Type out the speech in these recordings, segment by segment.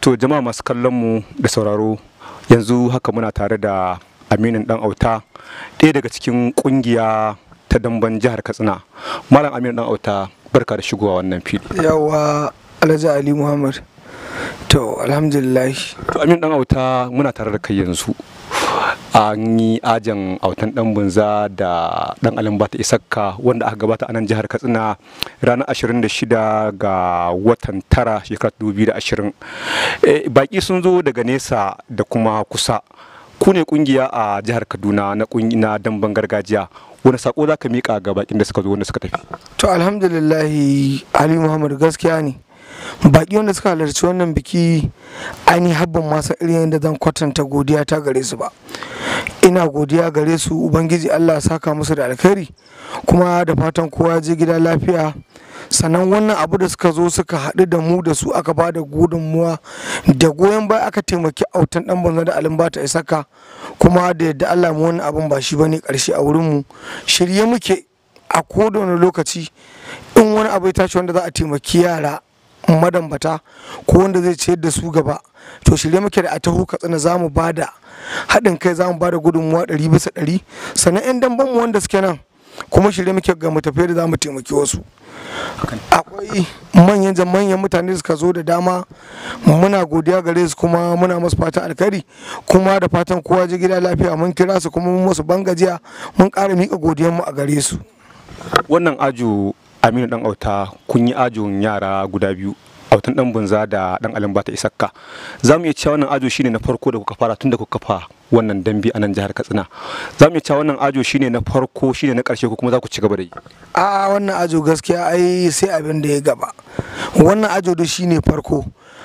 to jama'a masu kallon mu da sauraro yanzu haka muna tare da aminin dan auta ɗaya daga cikin kungiya ta damban jihar katsina malam aminu dan auta barka da shigowa wannan fili yawa alhaji ali muhammad to alhamdulillah to aminu dan auta muna tare da kai yanzu an yi ajin autan dan bunza da dan alimbata isakka wanda aka gabata a nan jihar katsina ranar 26 ga watan tara shekarar 2020 e, baki sun zo daga nesa da kuma kusa ku ne kungiya a jihar kaduna na na damban gargajiya wani sako za ka miƙa ga bakin da suka zo wanda suka tafi to alhamdulillahi ali muhammad gaskiya ne baki wanda suka halarci wannan biki ainihin habban masu irin yadda zan kwatanta godiya ta gare su ba ina godiya gare su ubangiji allah saka musu da alkhairi kuma da fatan kowa je gida lafiya sannan wannan abu da suka zo suka haɗu da mu da su aka ba da gudunmuwa da goyon baya aka taimaki autan dan banza da alimbata isaka kuma da yadda allah mu wannan abin ba shi ba ne ƙarshe a wurinmu shirye muke a kodon lokaci in wani abu ya tashi wanda za a taimaki yara madambata ko wanda zai ciyar da su gaba to shirye muke da a taho katsina za mu ba da haɗin kai za mu bada gudunmuwa ɗari bisa ɗari sannan 'yan damban mu wanda suke nan kuma shirye muke ga matafiya da za mu taimaki wasu akwai manyan manyan mutane suka zo da dama muna godiya gare su kuma muna masu fatan alkhairi kuma da fatan kowa ji gida lafiya mun kira su kuma mun musu bangajiya mun ƙara mika godiyar mu a gare su wannan aju aminu dan auta kun yi ajin yara guda biyu autan dan bunza da dan alambata isakka za mu iya cewa wannan ajo shine na farko da kuka fara tun da kuka kafa wannan dambi a nan jihar katsina za mu iya cewa wannan ajo shine na farko shine na karshe ko kuma za ku ci gaba da yi a wannan ajo gaskiya ai sai abin da ya gaba wannan ajo da shine farko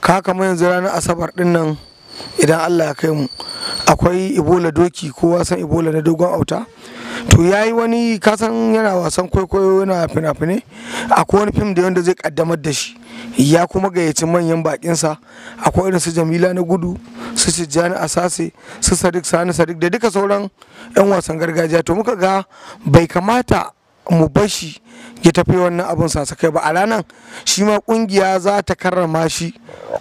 ka kama yanzu ranar asabar din nan idan allah ya kai mu akwai ibola doki kowa san ibola na dogon auta to ya yi wani kasan yana wasan kwaikwayo yana fina-finai akwai wani fim da wanda zai kaddamar da shi ya kuma gayyaci manyan bakinsa akwai irin su jamila na gudu su tijjani sase su sadiq sani sadik da duka sauran yan wasan gargajiya to muka ga bai kamata mu bashi ya tafi wannan abin sasakai ba a ranar shi ma kungiya za ta karrama shi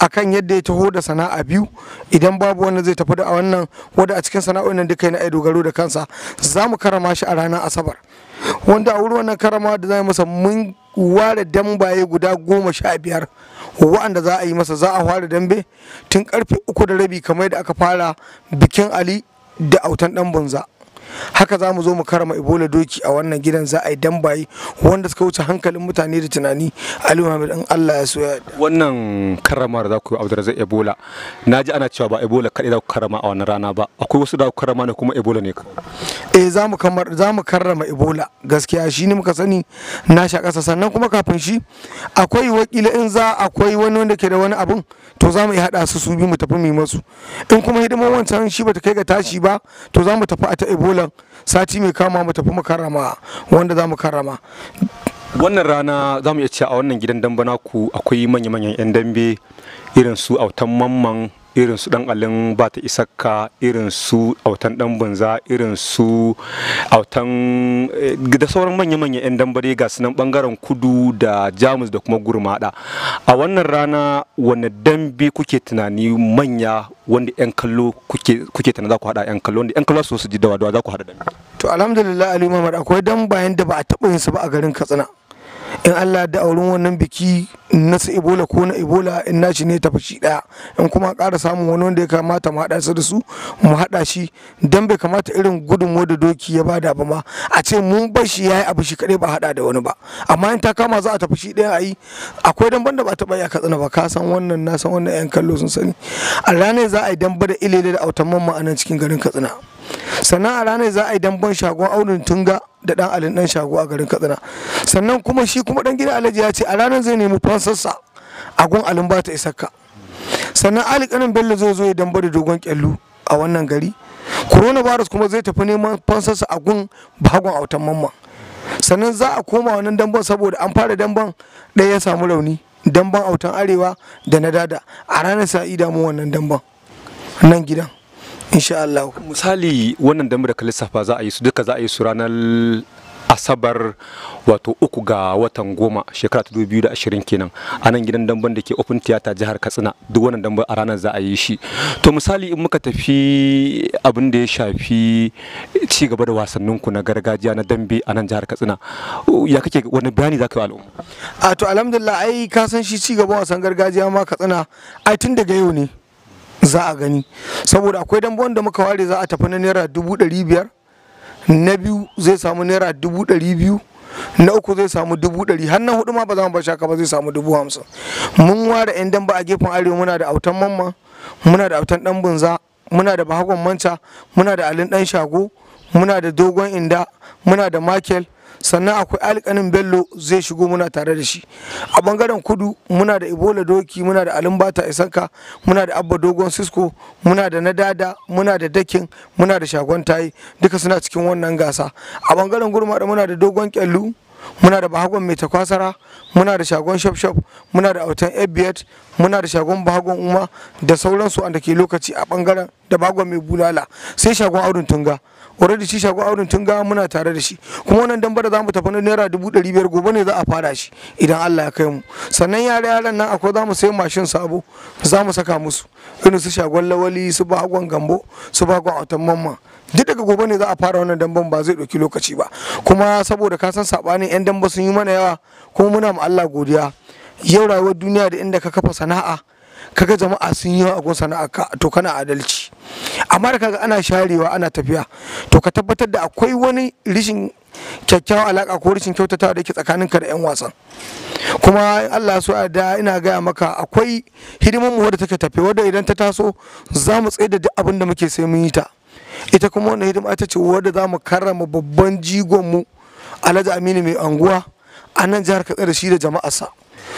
akan yadda ya taho da sana'a biyu idan babu wanda zai tafi da a wannan wanda a cikin sana'o'in nan duka yana dogaro da kansa za mu karrama shi a ranar asabar wanda a wurin wannan karrama da za masa mun ware dambaye guda goma sha biyar wa'anda za a yi masa za a fara dambe tun karfe uku da rabi kamar da aka fara bikin ali da autan dan bunza haka za mu zo mu karama ibola doki a wannan gidan za a yi dambayi wanda suka wuce hankalin mutane da tunani ali muhammad in allah ya so ya wannan karamar za ku yi abdurrazak ebola na ji ana cewa ba ebola kaɗai za ku karama a wannan rana ba akwai wasu da ku karama ne kuma ebola ne eh za mu za mu karrama ebola gaskiya shi ne muka sani na sha ƙasa sannan kuma kafin shi akwai wakila in za akwai wani wanda ke da wani abun to za mu iya haɗa su su bi mu tafi mu yi masu in kuma hidimar wancan shi ba ta kai ga tashi ba to za mu tafi a ta ebola malam sati mai kama mu tafi mu karrama wanda za mu karrama wannan rana za mu iya cewa a wannan gidan dambana ku akwai manya-manyan 'yan dambe irin su autan mamman irin su dan alin ba ta isakka irin su autan dan banza irin su autan eh, da sauran manya-manya 'yan dambare ga nan bangaren kudu da jamus da kuma gurmada a wannan rana wani dambe kuke tunani manya wanda 'yan kallo kuke tunani za ku hada 'yan kallo wanda 'yan kallo su ji dawa dawa za ku hada dambe to alhamdulillah ali muhammad akwai dan bayan da ba a taɓa yin su ba a garin katsina in Allah da auren wannan biki na su ebola ko na ebola in nashi ne tafi shi daya in kuma kara samun wani wanda ya kamata mu haɗa su da su mu haɗa shi dan bai kamata irin gudun da doki ya bada ba ma a ce mun bar shi yi abu shi kadai ba haɗa da wani ba amma in ta kama za a tafi shi daya ayi akwai ban da ba ta bayyana katsina ba ka san wannan na san wannan yan kallo sun sani a ranar za a yi dan da ilele da autan mamma a nan cikin garin katsina sannan a ranar za a yi ban shagon aunin tunga da dan alin dan shago a garin katsina sannan kuma shi kuma dan gidan alhaji ya ce a ranar zai nemi fansarsa a gun alin ba ta isakka sannan ali kanin bello zai zo ya damba da dogon kyallu a wannan gari coronavirus kuma zai tafi neman fansarsa a gun bagon autan mamman sannan za a koma wannan damban saboda an fara damban ɗaya ya samu rauni damban autan arewa da na dada a ranar sa'ida mu wannan damban nan gidan insha Allah misali wannan dambe da ka lissafa za a yi su duka za a yi su ranar asabar wato uku ga watan goma shekara ta biyu da ashirin kenan a nan gidan damban da ke open theater jihar katsina duk wannan damben a ranar za a yi shi to misali in muka tafi abin da ya shafi ci gaba da wasannin ku na gargajiya na dambe a nan jihar katsina ya kake wani bayani za ka yi al'umma a to alhamdulillah ai ka san shi ci gaba wasan gargajiya ma katsina ai tun daga yau ne za a gani saboda akwai dambe wanda muka ware za a tafi na naira dubu ɗari biyar na biyu zai samu naira dubu ɗari biyu na uku zai samu dubu ɗari har na hudu ma ba za mu ba zai samu dubu hamsin mun ware yan damba a gefen arewa muna da autan mamma muna da autan dan bunza muna da bahagon manca muna da alin dan shago muna da dogon inda muna da makel sannan akwai alƙanin bello zai shigo muna tare da shi a bangaren kudu muna da ibola doki muna da alimbata isanka muna da abba dogon sisko muna da nadada muna da dakin muna da shagon tayi duka suna cikin wannan gasa a bangaren gurmada muna da dogon kyallu muna da bahagon mai takwasara muna da shagon shop shop muna da autan abiyat muna da shagon bahagon umma da sauransu da ke lokaci a bangaren da bahagon mai bulala sai shagon audun tunga already shi shago auren tun ga muna tare da shi kuma wannan dambar da za mu tafi na naira dubu ɗari biyar gobe ne za a fara shi idan Allah ya kai mu sannan yare yaran nan akwai zamu sayi mashin sabo za mu saka musu irin su shagon lawali su bagon gambo su bagon autan mamma duk daga gobe ne za a fara wannan damban ba zai ɗauki lokaci ba kuma saboda ka san sabanin yan damba sun yi mana yawa kuma muna ma Allah godiya yau rayuwar duniya da inda ka kafa sana'a kaga jama'a sun yi yawa a gun sana'a to kana adalci amma da kaga ana sharewa ana tafiya to ka tabbatar da akwai wani rishin kyakkyawan alaka ko rishin kyautatawa da yake ka da 'yan wasan kuma Allah so da ina gaya maka akwai hidimar mu wadda take tafe wadda idan ta taso za mu tsaye da duk abin da muke sai mun yi ta ita kuma wannan hidima ita ce wadda za mu karrama babban jigon mu Alhaji Aminu mai anguwa a nan jihar Katsina da shi da jama'arsa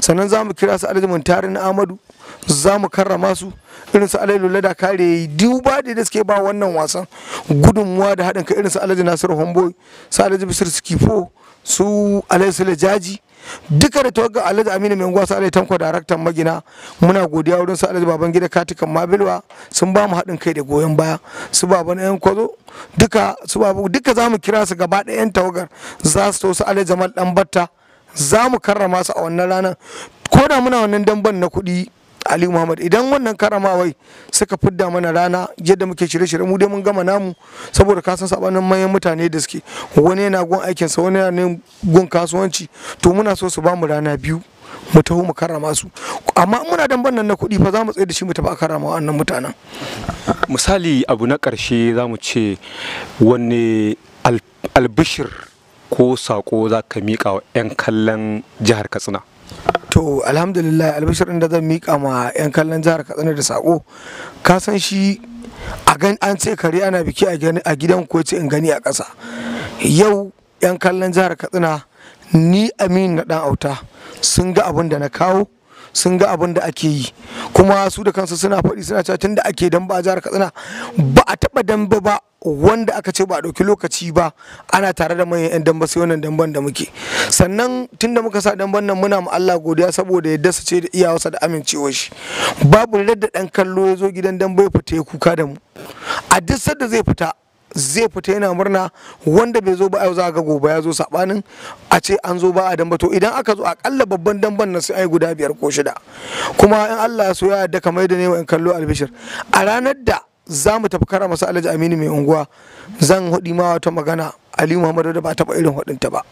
sannan za mu kira su Alhaji muntarin ahmadu za mu karrama su irin su alai lada kare duba da suke ba wannan wasan gudunmuwa da haɗin kai irin su alhaji nasir homboy su alhaji bisir skifo su alai sule jaji duka da tawaga alhaji aminu mai unguwa su alhaji tanko daraktan magina muna godiya wurin su alhaji baban gida katikan mabilwa sun ba mu haɗin kai da goyon baya su baban yan kwazo duka su babu duka za mu kira su gaba ɗayan tawagar za su to su alhaji jamal dan batta za mu karrama su a wannan ranar ko da muna wannan damban na kuɗi ali muhammad idan wannan karamawai suka fidda mana rana yadda muke shirye-shirye mu dai mun gama namu saboda ka san sabanin manyan mutane da suke wani yana gun aikin sa wani yana gun kasuwanci to muna so su ba mu rana biyu mu taho mu karrama su amma muna dan bannan na kuɗi fa za mu tsaye da shi mu tafi a karrama wannan mutanen misali abu na ƙarshe za mu ce wani albishir ko sako za ka miƙa wa 'yan kallon jihar katsina to alhamdulillah albashir da zan mika ma 'yan kallon jihar katsina da sako ka san shi a an ce kare ana biki a gidan ko ce in gani a ƙasa yau 'yan kallon jihar katsina ni aminu na ɗan auta sun ga abin da na kawo sun ga abin da ake yi kuma su da kansu suna faɗi suna cewa tun da ake dan ba a jihar katsina ba a taɓa dambe ba wanda aka ce ba a ɗauki lokaci ba ana tare da manyan 'yan damba sai wannan damban da muke sannan tun da muka sa damban nan muna ma Allah godiya saboda yadda su ce da iyawarsa da amincewar shi babu da ɗan kallo ya zo gidan damba ya fita ya kuka da mu a duk sadda zai fita zai fita yana murna wanda bai zo ba yau za ga gobe ya zo sabanin a ce an zo ba a damba to idan aka zo akalla babban damban na sai ai guda biyar ko shida kuma in Allah ya so ya yarda kamar da ne in kallo albishir a ranar da za mu tafi kara masa alhaji aminu mai unguwa zan hudi ma wata magana aliyu muhammadu da ba taɓa irin ta ba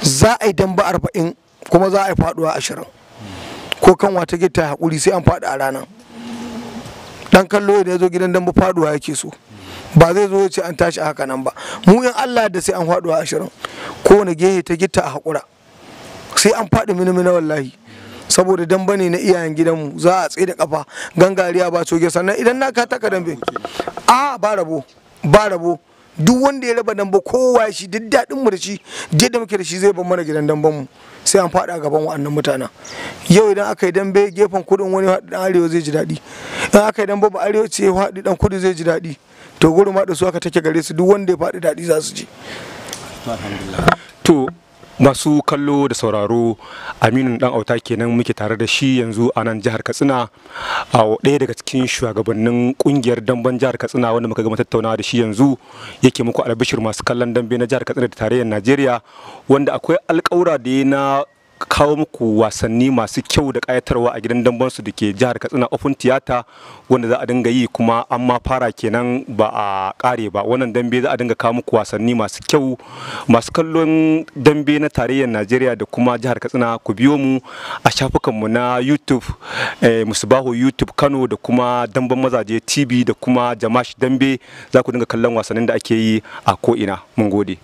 za a yi damba arba'in kuma za a yi faduwa ashirin ko kan wata gita hakuri sai an fadi a ranar dan kallo da ya zo gidan damba faduwa yake so ba zai zo ce an tashi a haka nan ba mu in Allah da sai an faɗo a ashirin kowane gehe ta gitta a haƙura sai an faɗi minimina wallahi saboda dan ne na iyayen gidanmu za a tsaye da kafa gangariya ba coge sannan idan na ka taka dambe a ba rabo ba rabo duk wanda ya raba damba kowa shi duk daɗin mu da shi da muke da shi zai bar mana gidan damban mu sai an faɗa gaban wa'annan mutanen yau idan aka yi dambe gefen kudin wani haɗi dan arewa zai ji daɗi idan aka yi dambe ba arewa ce haɗi dan kudu zai ji daɗi to goro ma da su aka take gare su duk wanda ya faɗi daɗi za su ji to masu kallo da sauraro aminu dan auta kenan muke tare da shi yanzu a nan jihar katsina a ɗaya daga cikin shugabannin kungiyar damben jihar katsina wanda muka gama tattaunawa da shi yanzu yake muku albishir masu kallon dambe na jihar katsina da tarayyar najeriya wanda akwai alƙawura da ya na kawo muku wasanni masu kyau da kayatarwa a gidan damben su da ke jihar katsina open tiyata wanda za a dinga yi kuma an ma fara kenan ba a kare ba wannan dambe za a dinga kawo muku wasanni masu kyau masu kallon dambe na tarayyar najeriya da kuma jihar katsina ku biyo mu a shafukan mu na youtube eh, musubahu youtube kano da kuma damban mazaje tv da kuma jamash dambe za ku dinga kallon wasannin da ake yi a ko'ina mun gode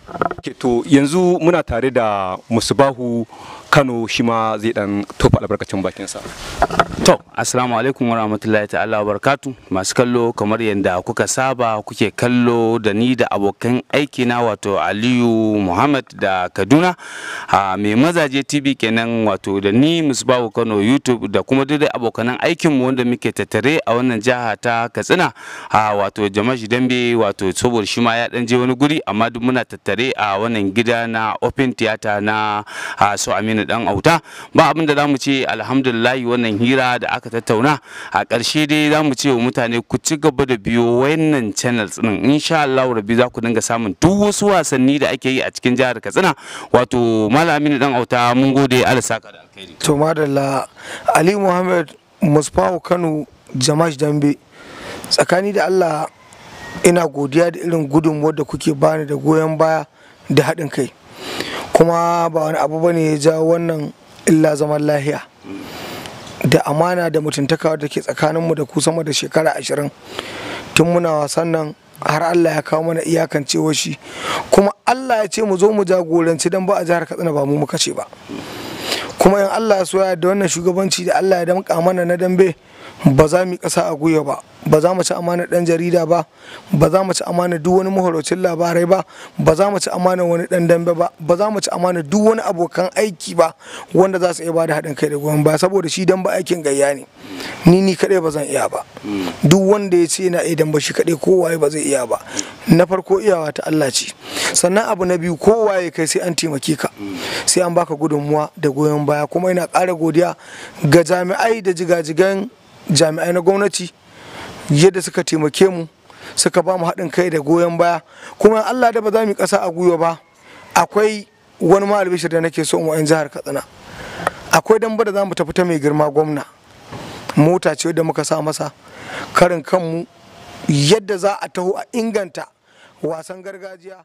to yanzu muna tare da musubahu kano shi ma zai dan tofa albarkacin bakinsa to assalamu alaikum wa rahmatullahi ta'ala wa barakatu masu kallo kamar yadda kuka saba kuke kallo da ni da abokan aiki na wato aliyu muhammad da kaduna a mai mazaje tv kenan wato da ni musbahu kano youtube da kuma duk abokanan aikinmu wanda muke tattare a wannan jiha ta katsina a wato jamashi dambe wato saboda shi ma ya dan je wani guri amma duk muna tattare a wannan gida na open theater na so Amin da dan auta ba abin da zamu ce alhamdulillahi wannan hira da aka tattauna a ƙarshe dai zamu ce wa mutane ku ci gaba da biyo wayannan channels din insha Allah rabi za ku dinga samun duk wasu wasanni da ake yi a cikin jihar Katsina wato Malam Aminu dan auta mun gode Allah saka da alkhairi to madalla Ali Muhammad Musfahu Kano Jamash Dambe tsakani da Allah ina godiya da irin gudunmuwar da kuke bani da goyon baya da haɗin kai kuma ba wani abu bane ya jawo wannan illa zaman lahiya da amana da mutuntaka da ke mu da ku sama da shekara ashirin tun muna wasan nan har Allah ya kawo mana iyakan cewa shi kuma Allah ya ce mu zo mu jagoranci don ba a jihar Katsina ba mu muka ce ba kuma in Allah ya so da wannan shugabanci da Allah ya damƙa mana na dambe ba za mu ƙasa a guya ba ba za mu ci amana ɗan jarida ba ba za mu ci amana duk wani mahorocin labarai ba ba za mu ci amana wani ɗan dambe ba ba za mu ci amana duk wani abokan aiki ba wanda za su iya bada haɗin kai da goyon ba saboda shi dan ba aikin gayya ne ni ni kaɗai ba zan iya ba duk wanda ya ce na idan ba shi kaɗai kowaye ba zai iya ba na farko iyawa ta Allah ce sannan abu na biyu kowaye kai sai an taimake ka sai an baka gudunmuwa da goyon baya kuma ina ƙara godiya ga jami'ai da jigajigan jami'ai na gwamnati yadda suka taimake mu suka ba mu haɗin kai da goyon baya kuma allah da ba za mu ƙasa a gwiwa ba akwai wani malabishir da nake so in wa'in jihar katsina akwai damba da za mu tafi ta mai girma gwamna mota ce da muka sa masa karin kanmu yadda za a taho a inganta wasan gargajiya